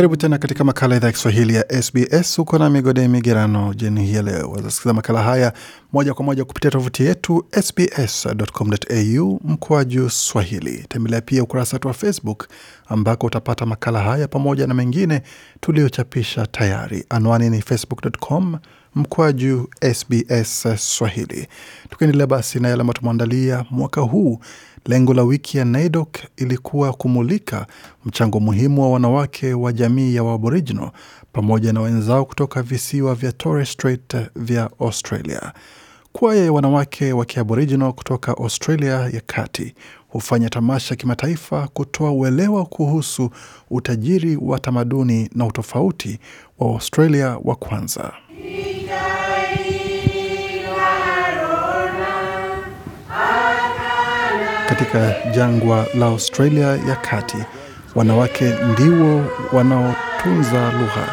Karibu tena katika makala idhaa ya Kiswahili ya SBS. Uko na Migode Migerano jeni hii leo. Wazasikiza makala haya moja kwa moja kupitia tovuti yetu sbs.com.au mkoaju swahili. Tembelea pia ukurasa wetu wa Facebook ambako utapata makala haya pamoja na mengine tuliyochapisha tayari. Anwani ni facebook.com mkwaju SBS Swahili. Tukiendelea basi na yale ambayo tumeandalia mwaka huu, lengo la wiki ya NAIDOC ilikuwa kumulika mchango muhimu wa wanawake wa jamii ya Waaboriginal pamoja na wenzao kutoka visiwa vya Torres Strait vya Australia. Kwaya ya wanawake wa Kiaboriginal kutoka Australia ya kati hufanya tamasha kimataifa kutoa uelewa kuhusu utajiri wa tamaduni na utofauti wa Australia wa kwanza. Katika jangwa la Australia ya kati, wanawake ndio wanaotunza lugha,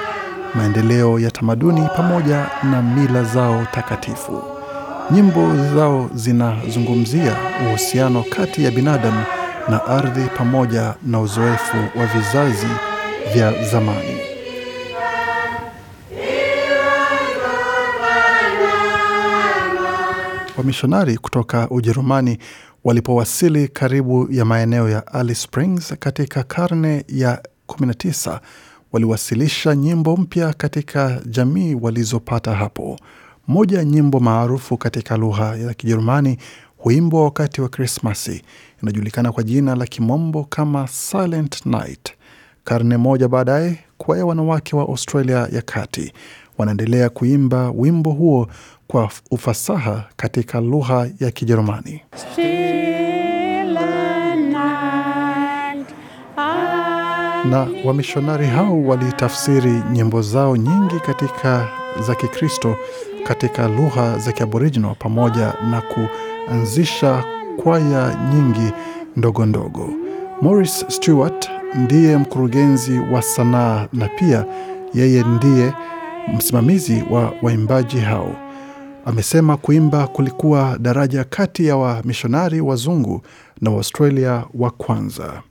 maendeleo ya tamaduni pamoja na mila zao takatifu. Nyimbo zao zinazungumzia uhusiano kati ya binadamu na ardhi pamoja na uzoefu wa vizazi vya zamani. wamishonari kutoka Ujerumani walipowasili karibu ya maeneo ya Alice Springs katika karne ya 19 waliwasilisha nyimbo mpya katika jamii walizopata hapo. Moja ya nyimbo maarufu katika lugha ya Kijerumani huimbwa wakati wa Krismasi, inajulikana kwa jina la kimombo kama Silent Night. Karne moja baadaye, kwaya wanawake wa Australia ya kati wanaendelea kuimba wimbo huo kwa ufasaha katika lugha ya Kijerumani. Na wamishonari hao walitafsiri nyimbo zao nyingi katika za Kikristo katika lugha za Kiaboriginal pamoja na kuanzisha kwaya nyingi ndogo ndogo. Morris Stewart ndiye mkurugenzi wa sanaa na pia yeye ndiye Msimamizi wa waimbaji hao amesema kuimba kulikuwa daraja kati ya wamishonari wazungu na waustralia wa kwanza.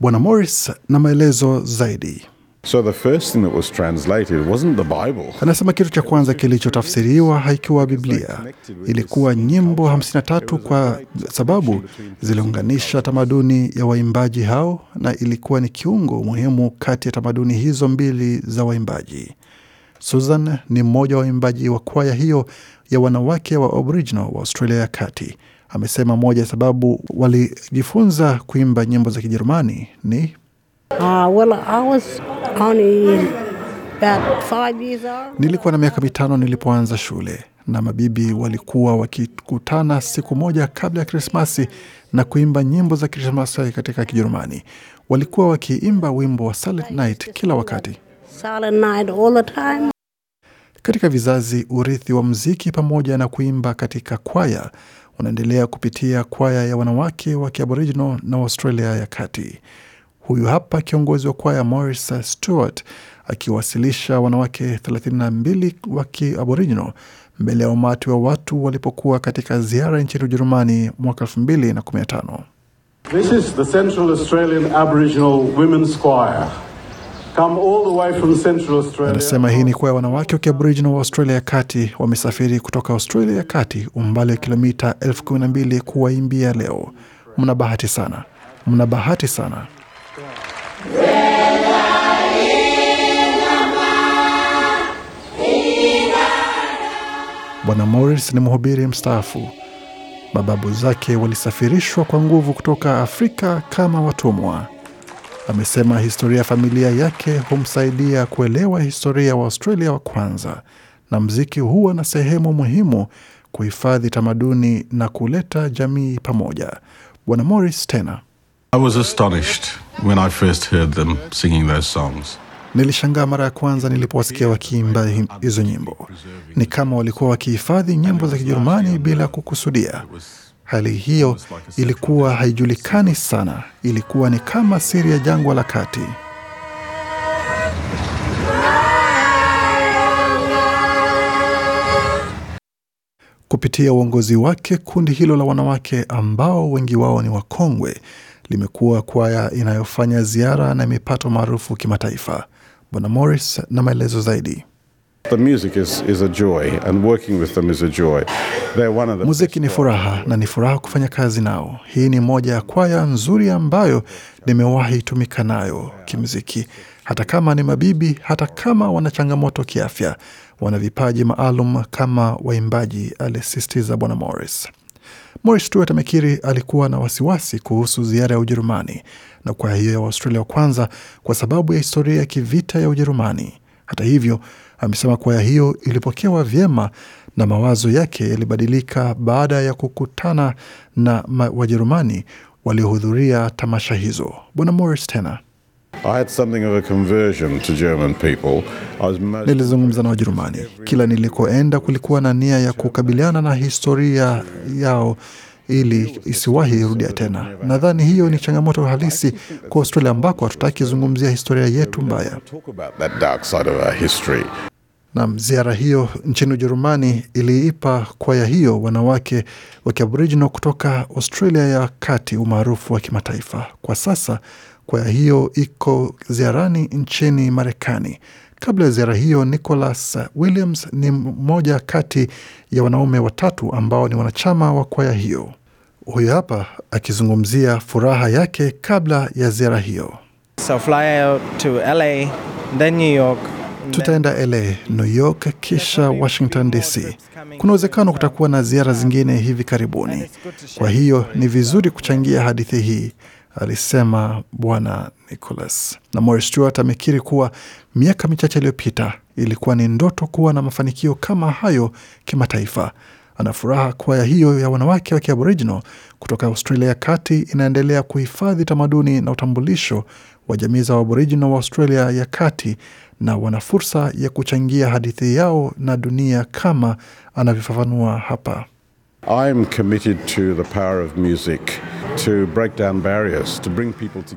Bwana Morris na maelezo zaidi. So the first thing that was translated wasn't the Bible. Anasema kitu cha kwanza kilichotafsiriwa haikiwa Biblia, ilikuwa nyimbo 53 kwa sababu ziliunganisha tamaduni ya waimbaji hao, na ilikuwa ni kiungo muhimu kati ya tamaduni hizo mbili za waimbaji. Susan ni mmoja wa waimbaji wa kwaya hiyo ya wanawake wa Aboriginal wa Australia ya Kati. Amesema moja ya sababu walijifunza kuimba nyimbo za Kijerumani ni uh, well, nilikuwa na miaka mitano nilipoanza shule na mabibi walikuwa wakikutana siku moja kabla ya Krismasi na kuimba nyimbo za Krismasi katika Kijerumani. Walikuwa wakiimba wimbo wa Silent Night kila wakati. Katika vizazi, urithi wa mziki pamoja na kuimba katika kwaya unaendelea kupitia kwaya ya wanawake wa Kiaboriginal na Australia ya kati. Huyu hapa kiongozi wa kwaya Morris Stewart akiwasilisha wanawake 32 wa Kiaboriginal mbele ya umati wa watu walipokuwa katika ziara nchini Ujerumani mwaka 2015. Anasema hii ni kwa wanawake wa Kiaboriginal wa Australia ya kati wamesafiri kutoka Australia ya kati umbali wa kilomita elfu kumi na mbili kuwaimbia leo. Mna bahati sana, mna bahati sana. Bwana Morris ni mhubiri mstaafu. Mababu zake walisafirishwa kwa nguvu kutoka Afrika kama watumwa amesema historia ya familia yake humsaidia kuelewa historia ya wa Australia wa kwanza, na mziki huwa na sehemu muhimu kuhifadhi tamaduni na kuleta jamii pamoja. Bwana moris tena I was when I first heard them those songs. Nilishangaa mara ya kwanza nilipowasikia wakiimba hizo nyimbo. Ni kama walikuwa wakihifadhi nyimbo za Kijerumani bila kukusudia. Hali hiyo ilikuwa haijulikani sana, ilikuwa ni kama siri ya jangwa la kati. Kupitia uongozi wake, kundi hilo la wanawake ambao wengi wao ni wakongwe limekuwa kwaya inayofanya ziara na mipato maarufu kimataifa. Bwana Morris na maelezo zaidi. Muziki ni furaha na ni furaha kufanya kazi nao. Hii ni moja ya kwaya nzuri ambayo nimewahi tumika nayo kimuziki, hata kama ni mabibi, hata kama wana changamoto kiafya, wana vipaji maalum kama waimbaji, alisisitiza Bwana Morris. Morris Stewart amekiri alikuwa na wasiwasi kuhusu ziara ya Ujerumani na kwa hiyo ya Waustralia wa kwanza kwa sababu ya historia ya kivita ya Ujerumani. Hata hivyo, amesema kwaya hiyo ilipokewa vyema na mawazo yake yalibadilika baada ya kukutana na Wajerumani waliohudhuria tamasha hizo. Bwana Morris tena nilizungumza na Wajerumani. Kila nilikoenda kulikuwa na nia ya kukabiliana na historia yao ili isiwahi rudia tena. Nadhani hiyo ni changamoto halisi kwa Australia, ambako hatutaki zungumzia historia yetu mbaya. Nam, ziara hiyo nchini Ujerumani iliipa kwaya hiyo wanawake wa Kiaboriginal kutoka Australia ya kati umaarufu wa kimataifa. Kwa sasa kwaya hiyo iko ziarani nchini Marekani. Kabla ya ziara hiyo, Nicholas Williams ni mmoja kati ya wanaume watatu ambao ni wanachama wa kwaya hiyo. Huyu hapa akizungumzia furaha yake kabla ya ziara hiyo. So fly to LA, then New York. Tutaenda LA, New York, kisha Washington DC. Kuna uwezekano kutakuwa na ziara zingine hivi karibuni, kwa hiyo ni vizuri kuchangia hadithi hii, alisema Bwana Nicholas. Na Maurice Stewart amekiri kuwa miaka michache iliyopita ilikuwa ni ndoto kuwa na mafanikio kama hayo kimataifa ana furaha kwaya hiyo ya wanawake wa Kiaboriginal kutoka Australia ya kati inaendelea kuhifadhi tamaduni na utambulisho wa jamii za Aboriginal wa Australia ya kati na wana fursa ya kuchangia hadithi yao na dunia kama anavyofafanua hapa.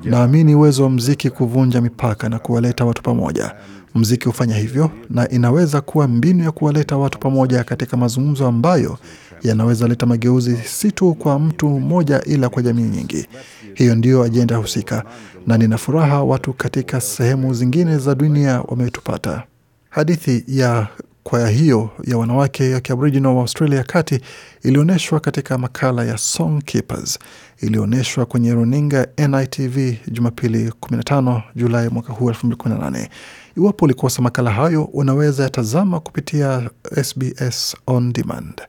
Naamini uwezo wa mziki kuvunja mipaka na kuwaleta watu pamoja. Mziki hufanya hivyo na inaweza kuwa mbinu ya kuwaleta watu pamoja katika mazungumzo ambayo yanaweza leta mageuzi si tu kwa mtu mmoja ila kwa jamii nyingi. Hiyo ndiyo ajenda husika, na nina furaha watu katika sehemu zingine za dunia wametupata. Hadithi ya kwaya hiyo ya wanawake ya Kiaboriginal wa Australia ya kati ilionyeshwa katika makala ya Songkeepers iliyoonyeshwa kwenye runinga NITV Jumapili 15 Julai mwaka huu 2018. Iwapo ulikosa makala hayo, unaweza yatazama kupitia SBS On Demand,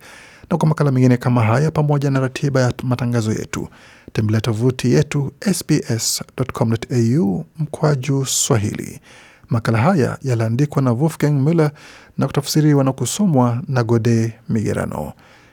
na kwa makala mengine kama haya pamoja na ratiba ya matangazo yetu tembelea tovuti yetu sbs.com.au mkwaju Swahili. Makala haya yaliandikwa na Wolfgang Muller na kutafsiriwa na kusomwa na Gode Migerano.